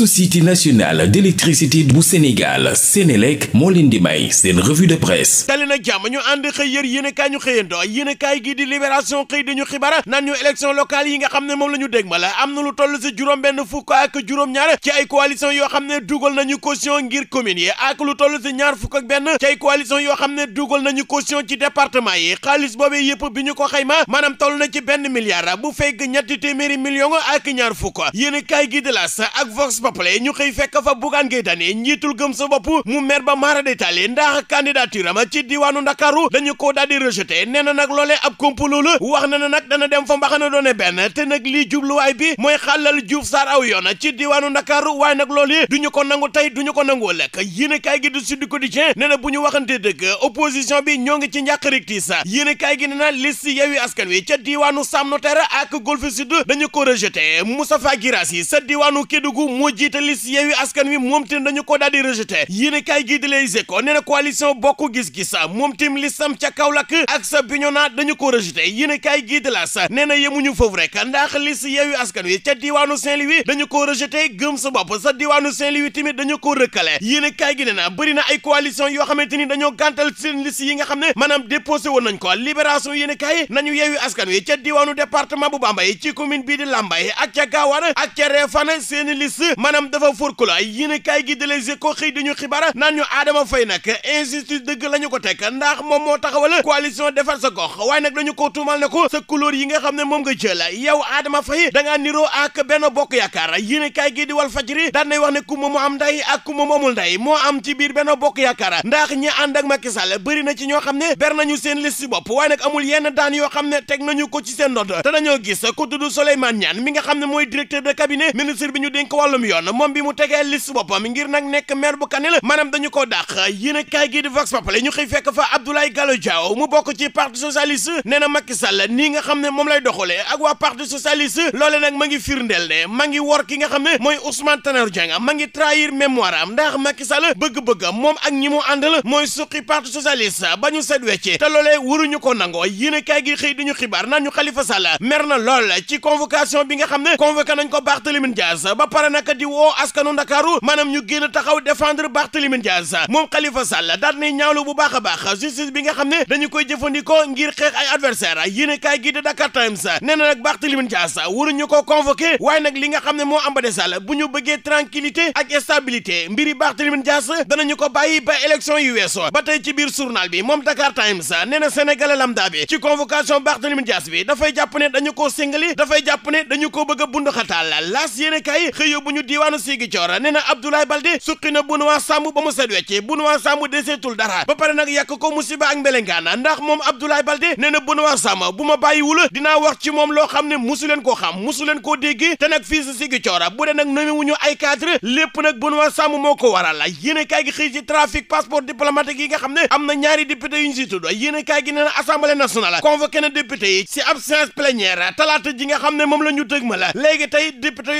société nationale d'électricité bu Sénégal Sénélec moo leen di may seen revue de presse dali na jàmm ñu ànd xëy yër yéen kaay ñu xëyandoo yéen a kaay gi di libération xëy dañu xibaar naan ñu locale yi nga xam ne moom la ñu la am na lu toll si juróom benn fukk ak juróom-ñaar ci ay coalition yoo xam ne dugal nañu caution ngir commune yi ak lu toll si ñaar fukk ak benn ci ay coalition yoo xam ne dugal nañu caution ci département yi xaalis boobee benn milliard bu fekk ñetti téeméeri million ak ñaar fukk yéen a kaay soppale ñu xëy fekk fa Bougane Gueye Dany njiitul gëm sa bopp mu mer ba maara détaillé ndax candidature am ci diwaanu Ndakaaru dañu ko daal di rejeté nee na nag loolee ab complot la wax na ne nag dana dem fa mbaxana doone benn te nag lii jubluwaay bi mooy xàllal Diouf Sarr aw yoon ci diwaanu Ndakaaru waaye nag loolu du ñu ko nangu tey du ñu ko nangu lekk yéen a kaay gi du Sud Quotidien nee na bu ñu wax waxante dëgg opposition bi ñoo ngi ci njàqarik tiis yéen a kaay gi nee na liste Yewwi Askan Wi ca diwaanu Sam Notaire ak Golf Sud dañu ko rejeté Moustapha Guirassy sa diwaanu Kédougou moo jiite liste Yewwi Askan Wi moom tim dañu ko daal di rejeté yéene kaay gii di Les Échos nee na coalition bokk gis-gis moom tim listam ca Kaolack ak sa Bignona dañu ko rejeté kaay gii di L'As nee na yemuñu foofu rek ndax liste Yewwi Askan Wi ca diwaanu Saint-Louis dañu ko rejeté sa bopp sa diwaanu Saint-Louis tamit dañu ko rëkkale yéene kaay gi nee na bëri na ay coalition yoo xamante ni dañoo gàntal seen liste yi nga xam ne maanaam déposé woon nañ ko libération yéene kaay nañu Yewwi Askan Wi ca diwaanu département bu Bambey ci commune bii di Lambaye ak ca Gawane ak ca Réfane seen liste maanaam dafa furku la yéen a kaay gi de Les Échos xëy dañu xibaar naan ñu Adama Faye nag injustice dëgg la ñu ko teg ndax moom moo taxawal coalition defar sa gox waaye nag dañu ko tuumal ne ko sa couleur yi nga xam ne moom nga jël yow Adama Faye da ngaa niroo ak benn bokk yaakaar yéen a kaay gi di Walf Fadjri daan nay wax ne ku mu am nday ak ku ma mu amul nday moo am ci benn bokk yaakaar ndax ñi ànd ak Macky Sall bëri na ci ñoo xam ne ber nañu seen liste bopp amul yenn daan yoo xam ne teg nañu ko seen ndodd te dañoo nga xam ne mooy directeur de cabinet ministre bi ñu dénk wàllum yoon moom bi mu tegee liste boppam ngir nag nekk maire bu Kanel maanaam dañu ko dàq yéen a kaay gii di Vox Populi ñu xëy fekk fa Abdoulaye Gallo Diaw mu bokk ci parti socialiste nee na Macky Sall nga xam ne moom lay doxalee ak waa parti socialiste loole nag ma ngi firndeel ne ma ngi wor ki nga xam ne mooy Ousmane Tanor Dieng ma ngi trahir mémoire am ndax Macky Sall bëgg-bëgg moom ak ñi mu àndal mooy suqi parti socialiste ba ñu set wecce te loolee waruñu ko nangoo yéen a kaay gi xëy di ñu xibaar naan ñu Khalifa Sall mer na lool ci convocation bi nga xam ne convoqué nañ ko ba pare nag di woo askanu ndakaaru maanaam ñu génn taxaw défendre Barthélémy Dias moom Khalifa Sall daal nay ñaawlu bu baax a baax justice bi nga xam ne dañu koy jëfandikoo ngir xeex ay adversaire yéen a kaay gi di Dakar Times nee na nag Barthélémy Dias waruñu ko convoqué waaye nag li nga xam ne moo am ba des Sall bu ñu bëggee tranquillité ak stabilité mbiri Barthélémy Dias danañu ko bàyyi ba élection yu weeso ba tey ci biir journal bi moom Dakar Times nee na sénégalais lambda bi ci convocation Barthélémy Dias bi dafay jàpp ne dañu koo singali dafay jàpp ne dañu ko bëgg a bund xataal laas yéen a diiwaanu Ziguinchor nee na Abdoulaye Baldé suqi na Benoît Sambou ba mu set wecc Benoît Sambou deseetul dara ba pare nag yàq ko musiba ak mbelengaana ndax moom Abdoulaye Baldé nee na Benoît Sambou bu ma bàyyiwul dinaa wax ci moom loo xam ne musu leen koo xam musu leen koo dégg te nag fii si Ziguinchor bu dee nag nomewuñu ay cadre lépp nag Benoît Sambou moo ko waral yéene kaay gi xëy ci trafic passeport diplomatique yi nga xam ne am na ñaari député ji nga xam ne moom la la léegi tey député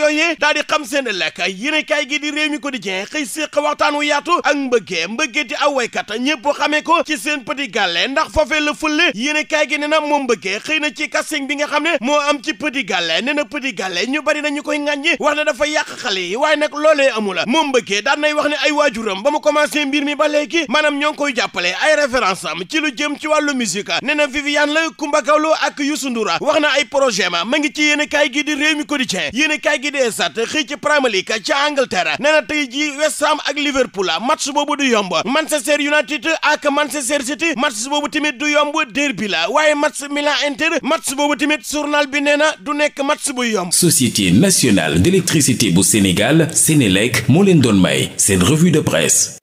ëllëg yéenekaay gi di Rewmi Quotidien xëy séq waxtaan wu yaatu ak mbëggee mbëggee di aw waykat ñëpp xamee ko ci seen petit gàlle ndax foofee la fële yéenekaay gi nee na moom mbëggee xëy na ci casting bi nga xam ne moo am ci petit gàlle nee na petit gàlle ñu bari nañu koy ŋàññi wax ne dafa yàq xale yi waaye nag loolee amula moom mbëggee daan nay wax ne ay waajuram ba mu commencé mbir mi ba léegi maanaam ñoo ngi koy jàppale ay référence am ci lu jëm ci wàllu musique nee na Viviane la Kumba Gawlo ak Youssou Ndour wax na ay projet ma ma ngi ci yéenekaay gi di Rewmi Quotidien yéenekaay gi di Stades xëy Catholique ca Angleterre nee na tey jii West Ham ak Liverpool match boobu du yomb Manchester United ak Manchester City match boobu tamit du yomb derby la waaye match Milan Inter match boobu tamit journal bi nee na du nekk match bu yomb. Société nationale d'électricité bu Sénégal Sénélec moo leen doon may seen revue de presse.